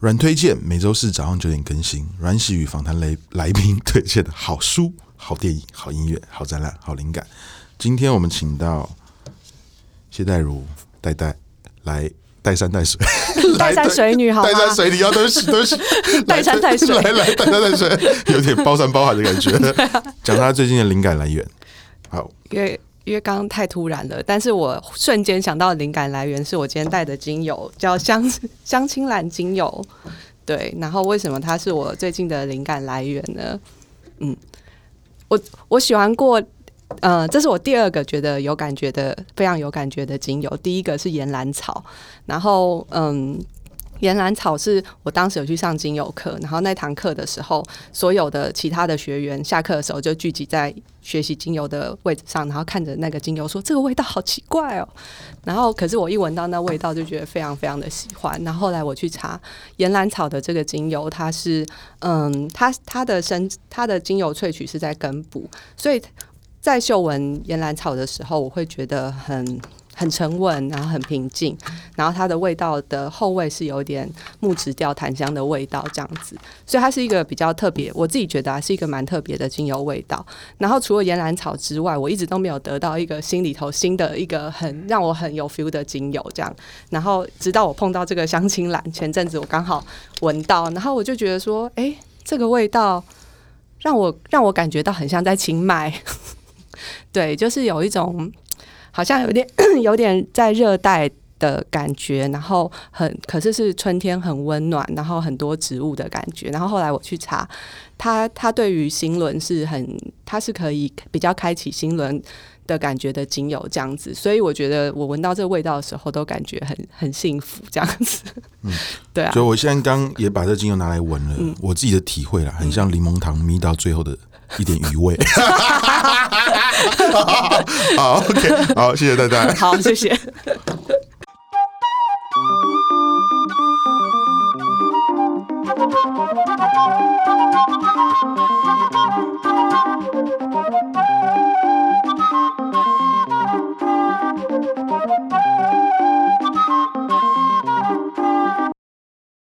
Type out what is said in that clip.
阮推薦每周四早上九點更新。阮璽與訪談來來賓推薦的好書、好電影、好音樂、好展覽、好靈感。今天我們請到謝岱汝岱岱來。帶山帶水， 帶山水女好，帶山水你要都是都是 帶山帶，帶山帶水，來來帶山帶水，有點包山包海的感覺。講、 啊、他最近的靈感來源，好，因為因為剛剛太突然了，但是我瞬間想到的靈感來源是我今天帶的精油叫香香青蘭精油，對，然後為什麼它是我最近的靈感來源呢？嗯，我我喜歡過。呃，這是我第二個覺得有感覺的，非常有感覺的精油。第一個是岩蘭草，然後嗯，岩蘭草是我當時有去上精油課，然後那堂課的時候，所有的其他的學員下課的時候就聚集在學習精油的位置上，然後看着那個精油說：“這個味道好奇怪哦。”然後，可是我一聞到那味道，就覺得非常非常的喜歡。然後後來我去查岩蘭草的這個精油，它是嗯，它它的身它的精油萃取是在根部，所以。在嗅聞岩蘭草的時候，我會覺得很很沉穩，然後很平靜，然後它的味道的後味是有點木質調檀香的味道這樣子，所以它是一個比較特別，我自己覺得是一個蠻特別的精油味道。然後除了岩蘭草之外，我一直都沒有得到一個心裡頭新的一個很讓我很有 feel 的精油這樣。然後直到我碰到這個香青蘭，前陣子我剛好聞到，然後我就覺得說，哎、欸，這個味道讓我讓我感覺到很像在清邁。對，就是有一種好像有點 有點在熱帶的感覺，然後很可是是春天很溫暖，然後很多植物的感覺。然後後來我去查，它它對於心輪是很它是可以比較開啟心輪的感覺的精油這樣子，所以我覺得我聞到這個味道的時候，都感覺很很幸福這樣子。嗯對，所以我現在剛也把這精油拿來聞了，我自己的體會啦，很像檸檬糖，迷到最後的一點餘味。好，OK，好，謝謝大家呵呵好，謝謝。